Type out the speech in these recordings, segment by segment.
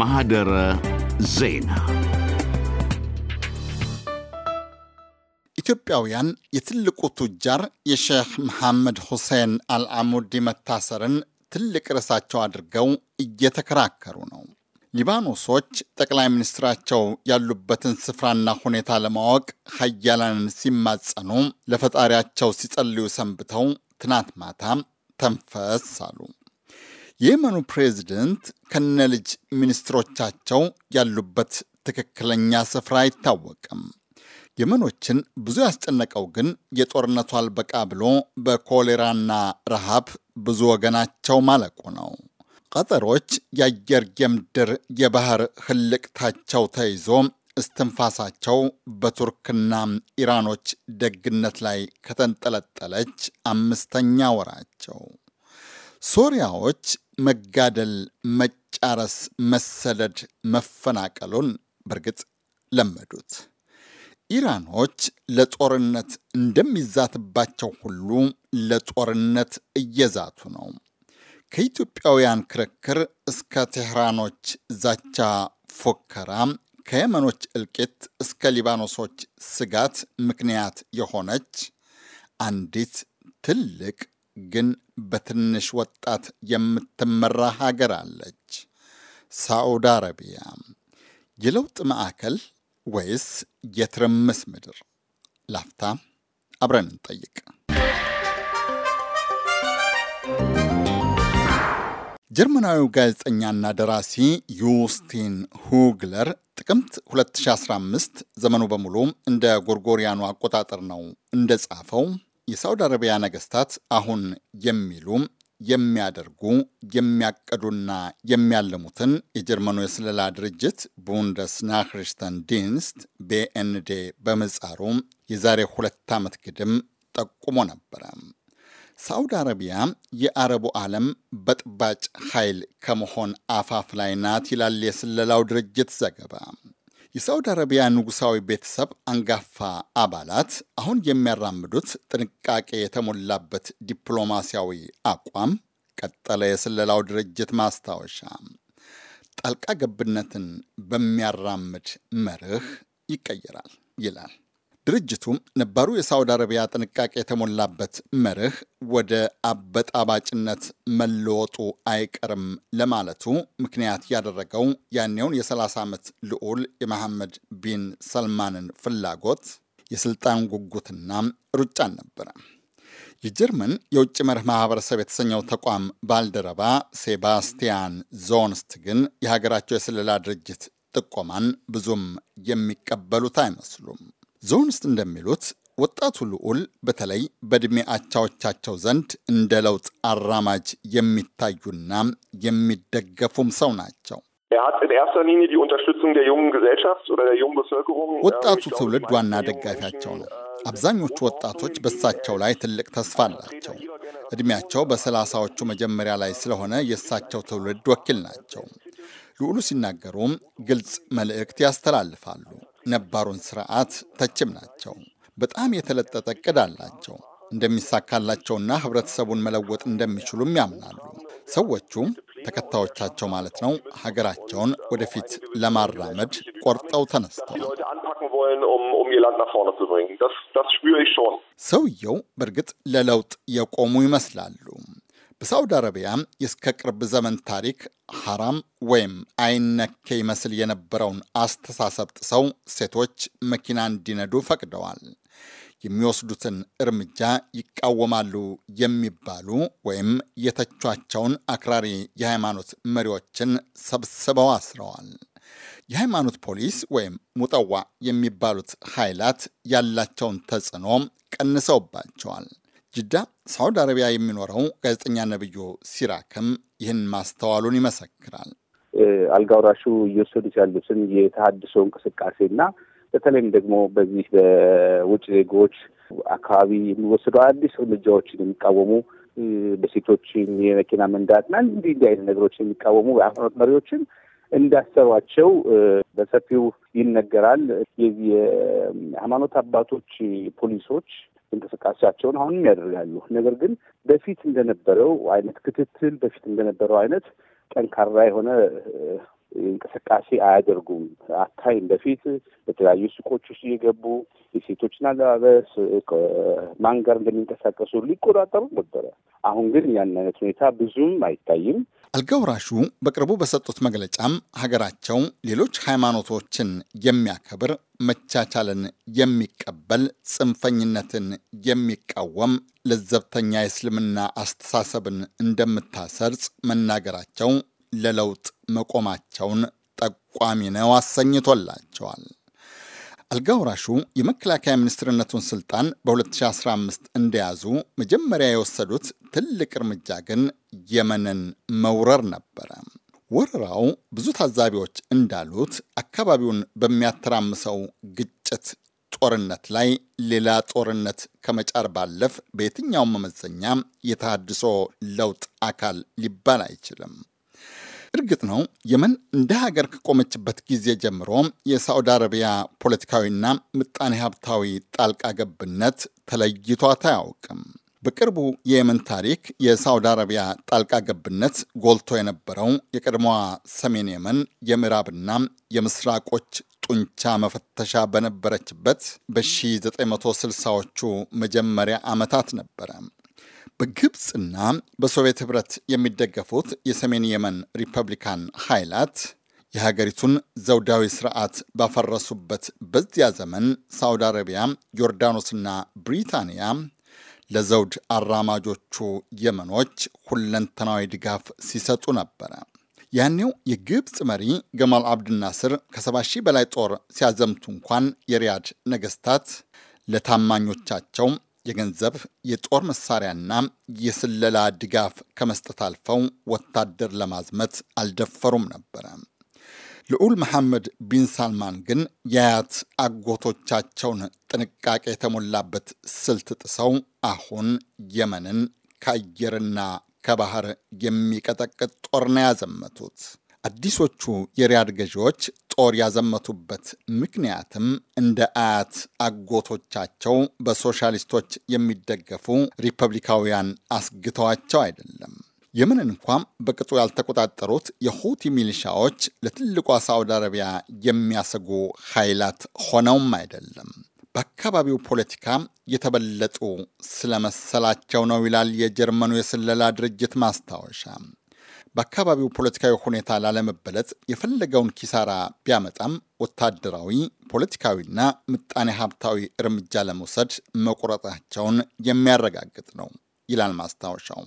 ማህደረ ዜና ኢትዮጵያውያን የትልቁ ቱጃር የሼህ መሐመድ ሁሴን አልአሙዲ መታሰርን ትልቅ ርዕሳቸው አድርገው እየተከራከሩ ነው። ሊባኖሶች ጠቅላይ ሚኒስትራቸው ያሉበትን ስፍራና ሁኔታ ለማወቅ ሀያላንን ሲማጸኑ፣ ለፈጣሪያቸው ሲጸልዩ ሰንብተው ትናንት ማታ ተንፈስ አሉ። የየመኑ ፕሬዝደንት ልጅ ሚኒስትሮቻቸው ያሉበት ትክክለኛ ስፍራ አይታወቅም። የመኖችን ብዙ ያስጨነቀው ግን የጦርነቱ አልበቃ ብሎ በኮሌራና ረሃብ ብዙ ወገናቸው ማለቁ ነው። ቀጠሮች የአየር የምድር የባህር ህልቅታቸው ተይዞ እስትንፋሳቸው በቱርክና ኢራኖች ደግነት ላይ ከተንጠለጠለች አምስተኛ ወራቸው ሶሪያዎች መጋደል፣ መጫረስ፣ መሰደድ፣ መፈናቀሉን በእርግጥ ለመዱት። ኢራኖች ለጦርነት እንደሚዛትባቸው ሁሉ ለጦርነት እየዛቱ ነው። ከኢትዮጵያውያን ክርክር እስከ ቴህራኖች ዛቻ፣ ፉከራ፣ ከየመኖች እልቂት እስከ ሊባኖሶች ስጋት ምክንያት የሆነች አንዲት ትልቅ ግን በትንሽ ወጣት የምትመራ ሀገር አለች፣ ሳዑዲ አረቢያ። የለውጥ ማዕከል ወይስ የትርምስ ምድር? ላፍታ አብረን እንጠይቅ። ጀርመናዊው ጋዜጠኛና ደራሲ ዩስቲን ሁግለር ጥቅምት 2015 ዘመኑ በሙሉ እንደ ጎርጎሪያኑ አቆጣጠር ነው እንደጻፈው የሳውዲ አረቢያ ነገስታት አሁን የሚሉ የሚያደርጉ የሚያቀዱና የሚያልሙትን የጀርመኑ የስለላ ድርጅት ቡንደስ ናክሪስተን ዲንስት ቤኤንዴ በምጻሩ የዛሬ ሁለት ዓመት ግድም ጠቁሞ ነበረ። ሳውዲ አረቢያ የአረቡ ዓለም በጥባጭ ኃይል ከመሆን አፋፍ ላይ ናት ይላል የስለላው ድርጅት ዘገባ። የሳውዲ አረቢያ ንጉሳዊ ቤተሰብ አንጋፋ አባላት አሁን የሚያራምዱት ጥንቃቄ የተሞላበት ዲፕሎማሲያዊ አቋም ቀጠለ። የስለላው ድርጅት ማስታወሻ ጣልቃ ገብነትን በሚያራምድ መርህ ይቀየራል ይላል። ድርጅቱም ነባሩ የሳውዲ አረቢያ ጥንቃቄ የተሞላበት መርህ ወደ አበጣባጭነት መለወጡ አይቀርም ለማለቱ ምክንያት ያደረገው ያኔውን የ30 ዓመት ልዑል የመሐመድ ቢን ሰልማንን ፍላጎት፣ የስልጣን ጉጉትና ሩጫን ነበረ። የጀርመን የውጭ መርህ ማህበረሰብ የተሰኘው ተቋም ባልደረባ ሴባስቲያን ዞንስት ግን የሀገራቸው የስለላ ድርጅት ጥቆማን ብዙም የሚቀበሉት አይመስሉም። ዞንስት እንደሚሉት ወጣቱ ልዑል በተለይ በዕድሜ አቻዎቻቸው ዘንድ እንደ ለውጥ አራማጅ የሚታዩና የሚደገፉም ሰው ናቸው። ወጣቱ ትውልድ ዋና ደጋፊያቸው ነው። አብዛኞቹ ወጣቶች በእሳቸው ላይ ትልቅ ተስፋ አላቸው። እድሜያቸው በሰላሳዎቹ መጀመሪያ ላይ ስለሆነ የእሳቸው ትውልድ ወኪል ናቸው። ልዑሉ ሲናገሩም ግልጽ መልእክት ያስተላልፋሉ። ነባሩን ስርዓት ተችም ናቸው። በጣም የተለጠጠ እቅድ አላቸው። እንደሚሳካላቸውና ህብረተሰቡን መለወጥ እንደሚችሉም ያምናሉ። ሰዎቹ ተከታዮቻቸው ማለት ነው። ሀገራቸውን ወደፊት ለማራመድ ቆርጠው ተነስተዋል። ሰውየው በእርግጥ ለለውጥ የቆሙ ይመስላሉ። በሳውዲ አረቢያ እስከ ቅርብ ዘመን ታሪክ ሐራም ወይም አይነኬ ይመስል የነበረውን አስተሳሰብ ጥሰው ሴቶች መኪና እንዲነዱ ፈቅደዋል። የሚወስዱትን እርምጃ ይቃወማሉ የሚባሉ ወይም የተቿቸውን አክራሪ የሃይማኖት መሪዎችን ሰብስበው አስረዋል። የሃይማኖት ፖሊስ ወይም ሙጠዋ የሚባሉት ኃይላት ያላቸውን ተጽዕኖ ቀንሰውባቸዋል። ጅዳ ሳውዲ አረቢያ የሚኖረው ጋዜጠኛ ነብዮ ሲራክም ይህን ማስተዋሉን ይመሰክራል። አልጋውራሹ እየወሰዱት ያሉትን የተሀድሶ እንቅስቃሴና በተለይም ደግሞ በዚህ በውጭ ዜጎች አካባቢ የሚወሰዱ አዲስ እርምጃዎችን የሚቃወሙ በሴቶችን የመኪና መንዳትና እንዲህ እንዲህ አይነት ነገሮችን የሚቃወሙ የሃይማኖት መሪዎችን እንዳሰሯቸው በሰፊው ይነገራል። የዚህ የሃይማኖት አባቶች ፖሊሶች እንቅስቃሴያቸውን አሁንም ያደርጋሉ። ነገር ግን በፊት እንደነበረው አይነት ክትትል፣ በፊት እንደነበረው አይነት ጠንካራ የሆነ እንቅስቃሴ አያደርጉም። አታይ በፊት በተለያዩ ሱቆች ውስጥ እየገቡ የሴቶችን አለባበስ ማን ጋር እንደሚንቀሳቀሱ ሊቆጣጠሩ ነበረ። አሁን ግን ያን አይነት ሁኔታ ብዙም አይታይም። አልገውራሹ በቅርቡ በሰጡት መግለጫም ሀገራቸው ሌሎች ሃይማኖቶችን የሚያከብር መቻቻልን የሚቀበል ጽንፈኝነትን የሚቃወም ለዘብተኛ የእስልምና አስተሳሰብን እንደምታሰርጽ መናገራቸው ለለውጥ መቆማቸውን ጠቋሚ ነው አሰኝቶላቸዋል። አልጋውራሹ የመከላከያ ሚኒስትርነቱን ስልጣን በ2015 እንደያዙ መጀመሪያ የወሰዱት ትልቅ እርምጃ ግን የመንን መውረር ነበረ። ወረራው ብዙ ታዛቢዎች እንዳሉት አካባቢውን በሚያተራምሰው ግጭት ጦርነት ላይ ሌላ ጦርነት ከመጫር ባለፍ በየትኛውም መመዘኛ የተሃድሶ ለውጥ አካል ሊባል አይችልም። እርግጥ ነው የመን እንደ ሀገር ከቆመችበት ጊዜ ጀምሮ የሳዑዲ አረቢያ ፖለቲካዊና ምጣኔ ሀብታዊ ጣልቃ ገብነት ተለይቷት አያውቅም። በቅርቡ የየመን ታሪክ የሳዑዲ አረቢያ ጣልቃ ገብነት ጎልቶ የነበረው የቀድሞዋ ሰሜን የመን የምዕራብና የምስራቆች ጡንቻ መፈተሻ በነበረችበት በ1960ዎቹ መጀመሪያ ዓመታት ነበረ። በግብፅና በሶቪየት ህብረት የሚደገፉት የሰሜን የመን ሪፐብሊካን ኃይላት የሀገሪቱን ዘውዳዊ ስርዓት ባፈረሱበት በዚያ ዘመን ሳውዲ አረቢያ፣ ዮርዳኖስና ብሪታንያ ለዘውድ አራማጆቹ የመኖች ሁለንተናዊ ድጋፍ ሲሰጡ ነበረ። ያኔው የግብፅ መሪ ገማል አብድናስር ከ 7 ሺህ በላይ ጦር ሲያዘምቱ እንኳን የሪያድ ነገስታት ለታማኞቻቸው የገንዘብ የጦር መሳሪያና የስለላ ድጋፍ ከመስጠት አልፈው ወታደር ለማዝመት አልደፈሩም ነበረ። ልዑል መሐመድ ቢን ሳልማን ግን የአያት አጎቶቻቸውን ጥንቃቄ የተሞላበት ስልት ጥሰው አሁን የመንን ከአየርና ከባህር የሚቀጠቅጥ ጦር ነው ያዘመቱት። አዲሶቹ የሪያድ ገዢዎች ጦር ያዘመቱበት ምክንያትም እንደ አያት አጎቶቻቸው በሶሻሊስቶች የሚደገፉ ሪፐብሊካውያን አስግተዋቸው አይደለም። የምን እንኳም በቅጡ ያልተቆጣጠሩት የሁቲ ሚሊሻዎች ለትልቋ ሳዑዲ አረቢያ የሚያሰጉ ኃይላት ሆነውም አይደለም። በአካባቢው ፖለቲካ የተበለጡ ስለመሰላቸው ነው ይላል የጀርመኑ የስለላ ድርጅት ማስታወሻ። በአካባቢው ፖለቲካዊ ሁኔታ ላለመበለጥ የፈለገውን ኪሳራ ቢያመጣም ወታደራዊ ፖለቲካዊና ምጣኔ ሀብታዊ እርምጃ ለመውሰድ መቁረጣቸውን የሚያረጋግጥ ነው ይላል ማስታወሻው።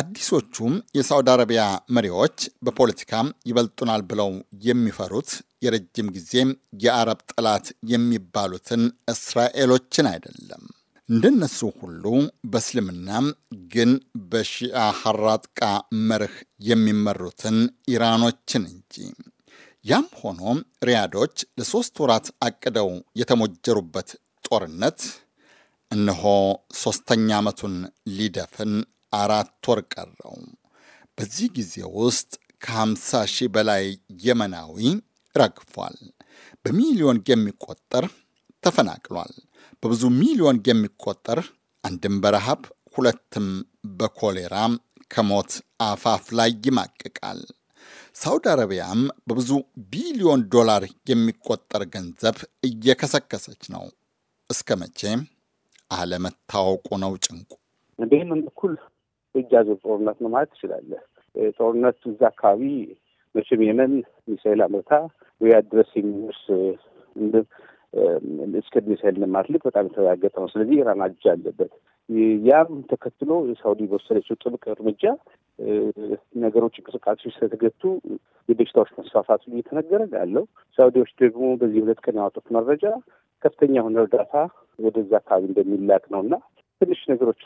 አዲሶቹም የሳውዲ አረቢያ መሪዎች በፖለቲካ ይበልጡናል ብለው የሚፈሩት የረጅም ጊዜ የአረብ ጠላት የሚባሉትን እስራኤሎችን አይደለም። እንደነሱ ሁሉ በእስልምና ግን በሺአ ሐራጥቃ መርህ የሚመሩትን ኢራኖችን እንጂ። ያም ሆኖ ሪያዶች ለሦስት ወራት አቅደው የተሞጀሩበት ጦርነት እነሆ ሦስተኛ ዓመቱን ሊደፍን አራት ወር ቀረው። በዚህ ጊዜ ውስጥ ከ50 ሺህ በላይ የመናዊ ረግፏል። በሚሊዮን የሚቆጠር ተፈናቅሏል። በብዙ ሚሊዮን የሚቆጠር አንድም በረሃብ ሁለትም በኮሌራ ከሞት አፋፍ ላይ ይማቅቃል። ሳውዲ አረቢያም በብዙ ቢሊዮን ዶላር የሚቆጠር ገንዘብ እየከሰከሰች ነው። እስከ መቼ አለመታወቁ ነው ጭንቁ። በየመን በኩል እጅ አዙር ጦርነት ነው ማለት ትችላለህ። ጦርነቱ እዛ አካባቢ መቼም የመን ሚሳይል አመታ ሪያድ ድረስ የሚደርስ እስከ ሚሳይል ማድረግ በጣም የተረጋገጠ ነው። ስለዚህ ኢራን እጅ አለበት። ያም ተከትሎ የሳውዲ በወሰደችው ጥብቅ እርምጃ ነገሮች እንቅስቃሴዎች ስለተገቱ የበሽታዎች መስፋፋት እየተነገረ ያለው ሳውዲዎች ደግሞ በዚህ ሁለት ቀን ያወጡት መረጃ ከፍተኛ የሆነ እርዳታ ወደዛ አካባቢ እንደሚላክ ነው እና ትንሽ ነገሮቹ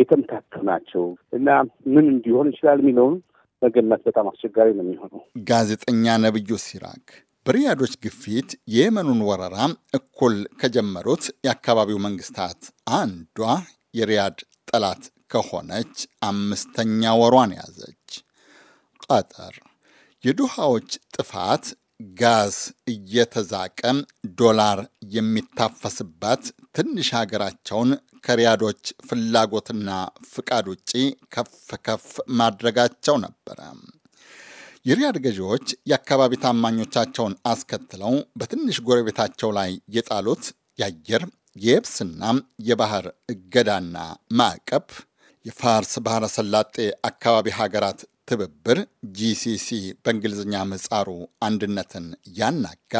የተምታቱ ናቸው እና ምን እንዲሆን ይችላል የሚለውን መገመት በጣም አስቸጋሪ ነው የሚሆነው። ጋዜጠኛ ነብዩ ሲራክ በሪያዶች ግፊት የየመኑን ወረራ እኩል ከጀመሩት የአካባቢው መንግስታት አንዷ የሪያድ ጠላት ከሆነች አምስተኛ ወሯን ያዘች። ቀጠር የዱሃዎች ጥፋት ጋዝ እየተዛቀ ዶላር የሚታፈስባት ትንሽ ሀገራቸውን ከሪያዶች ፍላጎትና ፍቃድ ውጪ ከፍ ከፍ ማድረጋቸው ነበረ። የሪያድ ገዢዎች የአካባቢ ታማኞቻቸውን አስከትለው በትንሽ ጎረቤታቸው ላይ የጣሉት የአየር የየብስና የባህር እገዳና ማዕቀብ የፋርስ ባህረ ሰላጤ አካባቢ ሀገራት ትብብር ጂሲሲ በእንግሊዝኛ ምጻሩ አንድነትን ያናጋ፣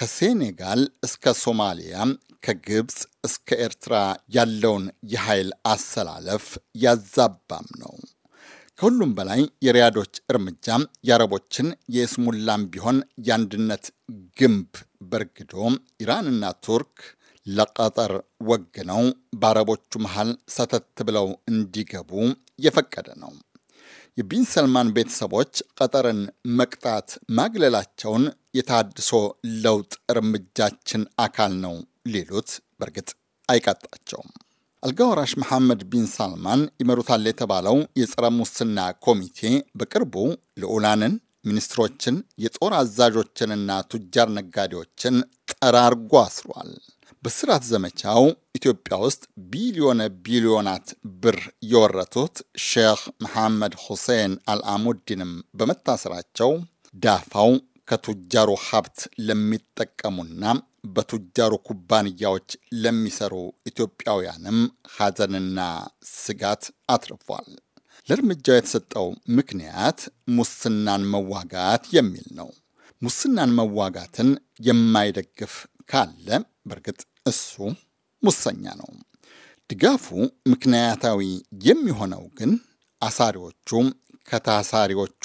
ከሴኔጋል እስከ ሶማሊያ ከግብፅ እስከ ኤርትራ ያለውን የኃይል አሰላለፍ ያዛባም ነው። ከሁሉም በላይ የሪያዶች እርምጃ የአረቦችን የስሙላም ቢሆን የአንድነት ግንብ በርግዶ ኢራንና ቱርክ ለቀጠር ወግነው በአረቦቹ መሃል ሰተት ብለው እንዲገቡ የፈቀደ ነው። የቢን ሰልማን ቤተሰቦች ቀጠርን መቅጣት ማግለላቸውን የታድሶ ለውጥ እርምጃችን አካል ነው ሊሉት በእርግጥ አይቃጣቸውም። አልጋወራሽ መሐመድ ቢን ሳልማን ይመሩታል የተባለው የጸረ ሙስና ኮሚቴ በቅርቡ ልዑላንን፣ ሚኒስትሮችን፣ የጦር አዛዦችንና ቱጃር ነጋዴዎችን ጠራርጎ አስሯል። በስርዓት ዘመቻው ኢትዮጵያ ውስጥ ቢሊዮነ ቢሊዮናት ብር የወረቱት ሼክ መሐመድ ሁሴን አልአሙዲንም በመታሰራቸው ዳፋው ከቱጃሩ ሀብት ለሚጠቀሙና በቱጃሩ ኩባንያዎች ለሚሰሩ ኢትዮጵያውያንም ሀዘንና ስጋት አትርፏል። ለእርምጃው የተሰጠው ምክንያት ሙስናን መዋጋት የሚል ነው። ሙስናን መዋጋትን የማይደግፍ ካለ በእርግጥ እሱ ሙሰኛ ነው። ድጋፉ ምክንያታዊ የሚሆነው ግን አሳሪዎቹ ከታሳሪዎቹ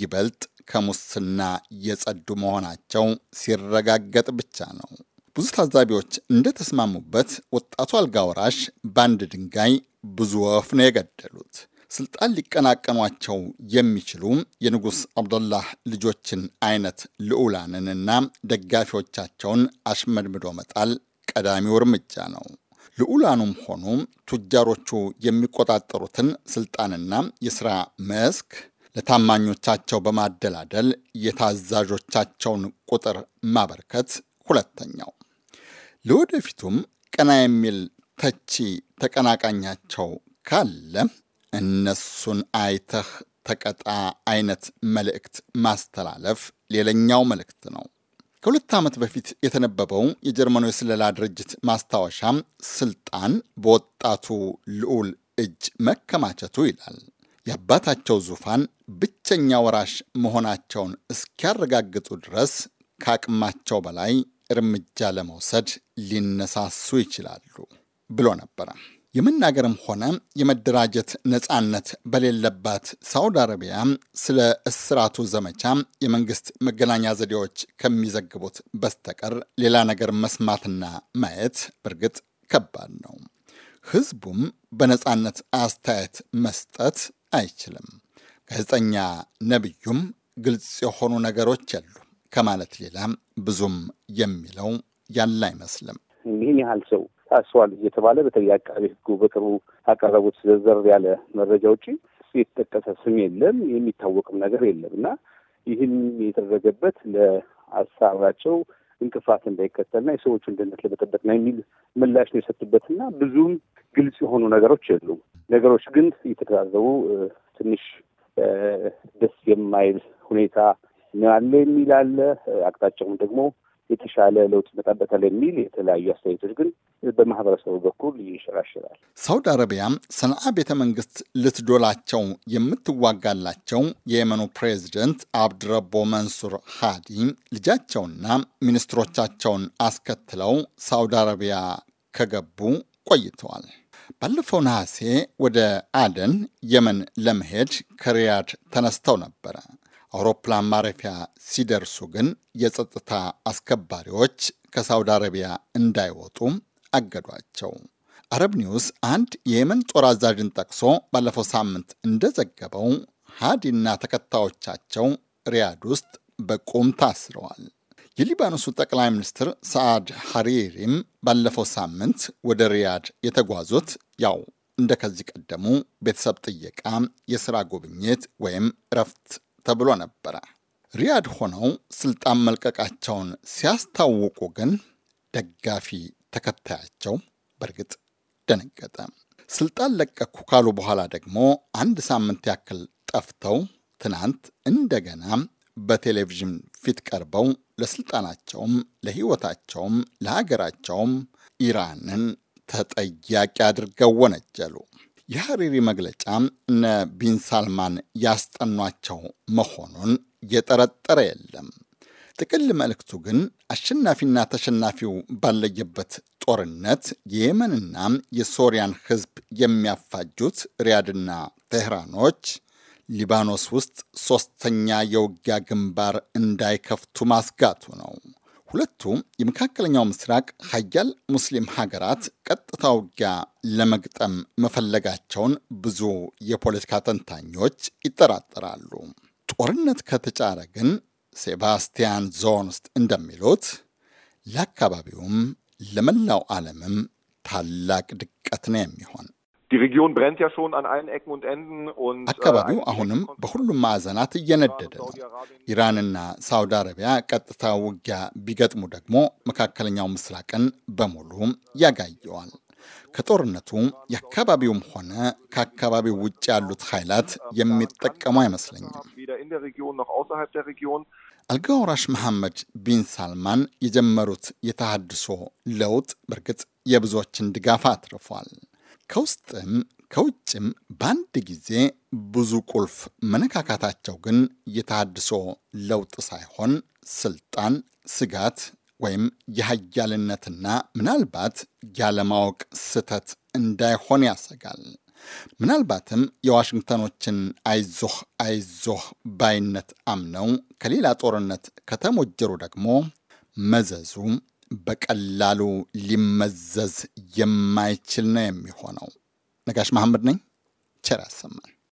ይበልጥ ከሙስና የጸዱ መሆናቸው ሲረጋገጥ ብቻ ነው። ብዙ ታዛቢዎች እንደተስማሙበት ወጣቱ አልጋ ወራሽ በአንድ ድንጋይ ብዙ ወፍ ነው የገደሉት። ስልጣን ሊቀናቀኗቸው የሚችሉ የንጉሥ አብዱላህ ልጆችን አይነት ልዑላንንና ደጋፊዎቻቸውን አሽመድምዶ መጣል ቀዳሚው እርምጃ ነው። ልዑላኑም ሆኑ ቱጃሮቹ የሚቆጣጠሩትን ስልጣንና የሥራ መስክ ለታማኞቻቸው በማደላደል የታዛዦቻቸውን ቁጥር ማበርከት ሁለተኛው። ለወደፊቱም ቀና የሚል ተቺ ተቀናቃኛቸው ካለ እነሱን አይተህ ተቀጣ አይነት መልእክት ማስተላለፍ ሌላኛው መልእክት ነው። ከሁለት ዓመት በፊት የተነበበው የጀርመኑ የስለላ ድርጅት ማስታወሻም ስልጣን በወጣቱ ልዑል እጅ መከማቸቱ ይላል። የአባታቸው ዙፋን ብቸኛ ወራሽ መሆናቸውን እስኪያረጋግጡ ድረስ ከአቅማቸው በላይ እርምጃ ለመውሰድ ሊነሳሱ ይችላሉ ብሎ ነበረ። የመናገርም ሆነ የመደራጀት ነፃነት በሌለባት ሳውዲ አረቢያ ስለ እስራቱ ዘመቻ የመንግስት መገናኛ ዘዴዎች ከሚዘግቡት በስተቀር ሌላ ነገር መስማትና ማየት በእርግጥ ከባድ ነው። ህዝቡም በነፃነት አስተያየት መስጠት አይችልም። ጋዜጠኛ ነቢዩም ግልጽ የሆኑ ነገሮች የሉም ከማለት ሌላ ብዙም የሚለው ያለ አይመስልም። ይህን ያህል ሰው ታስሯል እየተባለ በተለይ አቃቤ ሕጉ በቅርቡ አቀረቡት ዘርዘር ያለ መረጃ ውጪ የተጠቀሰ ስም የለም፣ የሚታወቅም ነገር የለም እና ይህን የተደረገበት ለአሳራቸው እንቅፋት እንዳይከተልና የሰዎቹን ደህንነት ለመጠበቅ ነው የሚል ምላሽ ነው የሰጡበትና ብዙም ግልጽ የሆኑ ነገሮች የሉም። ነገሮች ግን እየተገዛዘቡ ትንሽ ደስ የማይል ሁኔታ ያለ የሚል አለ። አቅጣጫውም ደግሞ የተሻለ ለውጥ ይመጣበታል የሚል የተለያዩ አስተያየቶች ግን በማህበረሰቡ በኩል ይንሸራሸራል። ሳውዲ አረቢያ ሰንዓ ቤተ መንግስት ልትዶላቸው የምትዋጋላቸው የየመኑ ፕሬዚደንት አብድረቦ መንሱር ሃዲ ልጃቸውና ሚኒስትሮቻቸውን አስከትለው ሳውዲ አረቢያ ከገቡ ቆይተዋል። ባለፈው ነሐሴ ወደ አደን የመን ለመሄድ ከሪያድ ተነስተው ነበረ። አውሮፕላን ማረፊያ ሲደርሱ ግን የጸጥታ አስከባሪዎች ከሳውዲ አረቢያ እንዳይወጡ አገዷቸው። አረብ ኒውስ አንድ የየመን ጦር አዛዥን ጠቅሶ ባለፈው ሳምንት እንደዘገበው ሃዲና ተከታዮቻቸው ሪያድ ውስጥ በቁም ታስረዋል። የሊባኖሱ ጠቅላይ ሚኒስትር ሳዓድ ሐሪሪም ባለፈው ሳምንት ወደ ሪያድ የተጓዙት ያው እንደ ከዚህ ቀደሙ ቤተሰብ ጥየቃ፣ የሥራ ጉብኝት ወይም እረፍት ተብሎ ነበረ። ሪያድ ሆነው ስልጣን መልቀቃቸውን ሲያስታውቁ ግን ደጋፊ ተከታያቸው በእርግጥ ደነገጠ። ስልጣን ለቀኩ ካሉ በኋላ ደግሞ አንድ ሳምንት ያክል ጠፍተው ትናንት እንደገና በቴሌቪዥን ፊት ቀርበው ለስልጣናቸውም ለህይወታቸውም ለሀገራቸውም ኢራንን ተጠያቂ አድርገው ወነጀሉ። የሐሪሪ መግለጫ እነ ቢን ሳልማን ያስጠኗቸው መሆኑን የጠረጠረ የለም። ጥቅል መልእክቱ ግን አሸናፊና ተሸናፊው ባለየበት ጦርነት የየመንና የሶሪያን ህዝብ የሚያፋጁት ሪያድና ቴህራኖች ሊባኖስ ውስጥ ሶስተኛ የውጊያ ግንባር እንዳይከፍቱ ማስጋቱ ነው። ሁለቱ የመካከለኛው ምስራቅ ሀያል ሙስሊም ሀገራት ቀጥታ ውጊያ ለመግጠም መፈለጋቸውን ብዙ የፖለቲካ ተንታኞች ይጠራጠራሉ። ጦርነት ከተጫረ ግን ሴባስቲያን ዞን ውስጥ እንደሚሉት ለአካባቢውም ለመላው ዓለምም ታላቅ ድቀት ነው የሚሆን። die Region brennt ja schon an allen Ecken und Enden und äh, አካባቢው አሁንም በሁሉም ማዕዘናት እየነደደ ነው። ኢራንና ሳውዲ አረቢያ ቀጥታ ውጊያ ቢገጥሙ ደግሞ መካከለኛው ምስራቅን በሙሉ ያጋየዋል። ከጦርነቱ የአካባቢውም ሆነ ከአካባቢው ውጭ ያሉት ኃይላት የሚጠቀሙ አይመስለኝም። አልጋ ወራሽ መሐመድ ቢን ሳልማን የጀመሩት የተሃድሶ ለውጥ በእርግጥ የብዙዎችን ድጋፍ አትርፏል። ከውስጥም ከውጭም በአንድ ጊዜ ብዙ ቁልፍ መነካካታቸው ግን የተሃድሶ ለውጥ ሳይሆን ስልጣን፣ ስጋት ወይም የሀያልነትና ምናልባት ያለማወቅ ስህተት እንዳይሆን ያሰጋል። ምናልባትም የዋሽንግተኖችን አይዞህ አይዞህ ባይነት አምነው ከሌላ ጦርነት ከተሞጀሩ ደግሞ መዘዙ በቀላሉ ሊመዘዝ የማይችል ነው የሚሆነው። ነጋሽ መሐመድ ነኝ። ቸር ያሰማን።